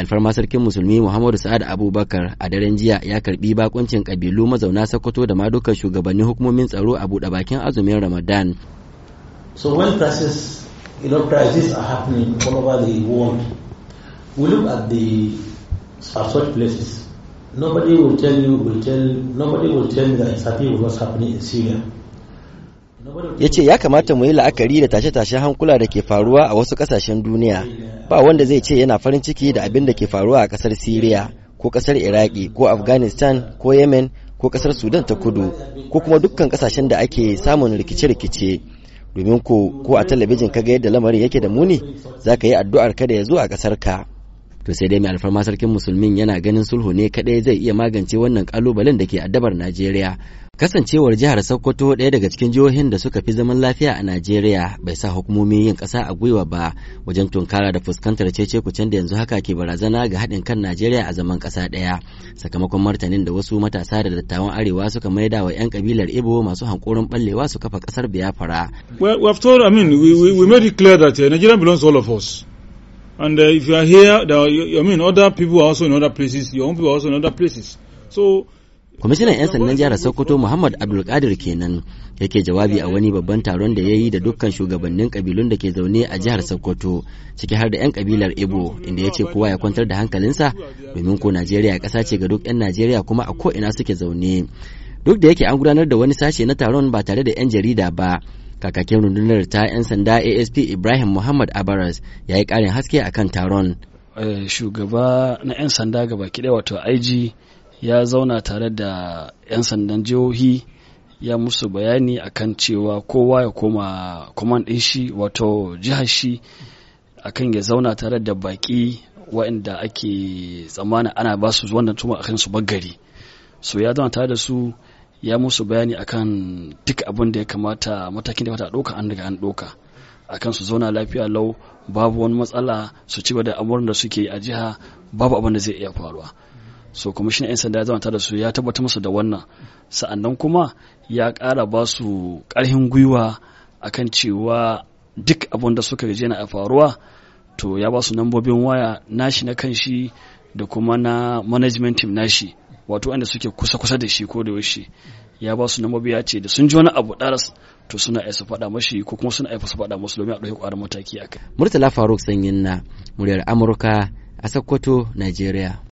alfarma sarkin musulmi muhammadu sa'ad abubakar a daren jiya ya karbi bakuncin kabilu mazauna sokoto da madukar shugabanni shugabannin hukumomin tsaro a buɗe bakin azumin ramadan so when crisis you know crisis are happening all over the world we look at the at such places nobody will tell you will tell nobody will tell you that it's happening what's happening in syria ya ce ya kamata mu yi la'akari da tashe-tashen hankula da ke faruwa a wasu kasashen duniya ba wanda zai ce yana farin ciki da abin da ke faruwa a kasar siriya ko kasar iraki ko afghanistan ko yemen ko kasar sudan ta kudu ko kuma dukkan kasashen da ake samun rikice-rikice domin ko ko a talabijin ka ga yadda lamarin yake da muni za ka yi addu'ar ka da ya zo a kasar ka to sai dai mai alfarma sarkin musulmin yana ganin sulhu ne kadai zai iya magance wannan kalubalen da ke addabar najeriya Kasancewar jihar Sokoto ɗaya daga cikin jihohin da suka fi zaman lafiya a Najeriya bai sa hukumomi yin ƙasa a gwiwa ba wajen tunkara da fuskantar cece-kucen da yanzu haka ke barazana ga haɗin kan Najeriya a zaman ƙasa ɗaya sakamakon martanin da wasu matasa da dattawan arewa suka maida wa 'yan kabilar Ibo masu hankoron ballewa su kafa ƙasar Biafra. Well, we have told, I mean, we, we, we made it clear that uh, Nigeria belongs to all of us. And uh, if you are here, there are, I mean, other people are also in other places, your own people are also in other places. So, kwamishinan 'yan sandan jihar sokoto muhammad abdulkadir kenan yake jawabi a wani babban taron da ya yi da dukkan shugabannin kabilun da ke zaune a jihar sokoto ciki har da 'yan kabilar ibo inda ya ce kowa ya kwantar da hankalinsa domin ko najeriya ƙasa ce ga duk 'yan najeriya kuma a ko'ina suke zaune duk da yake an gudanar da wani sashe na taron ba tare da 'yan jarida ba kakakin rundunar ta 'yan sanda asp ibrahim muhammad abaras ya yi ƙarin haske akan taron eh, shugaba na 'yan sanda gaba ɗaya wato IG ya zauna tare da 'yan sandan jihohi ya musu bayani akan cewa kowa ya koma command ɗin shi wato jihar shi akan ya zauna tare da baƙi waɗanda ake tsammanin ana ba su wannan tuma akan su bagari so ya zauna tare da su ya musu bayani akan duk abin da ya kamata matakin da ya ɗauka an daga an ɗauka akan su zauna lafiya lau babu wani matsala su ci da amurin da suke a jiha babu abin da zai iya faruwa so kwamishin 'yan sanda ya zama da su ya tabbatar musu da wannan sa'annan kuma ya kara ba su ƙarfin gwiwa akan cewa duk abin da suka gaje na faruwa to ya ba su nambobin waya nashi na kan shi da kuma na management team nashi wato wanda suke kusa-kusa da shi ko da yaushe ya ba su nambobi ya ce da sun ji wani abu daras to suna aisa faɗa mashi ko kuma suna su faɗa musu domin a ɗauki ƙwarar mataki akai. Murtala Faruk Sanyin na muryar Amurka a Sokoto, Najeriya.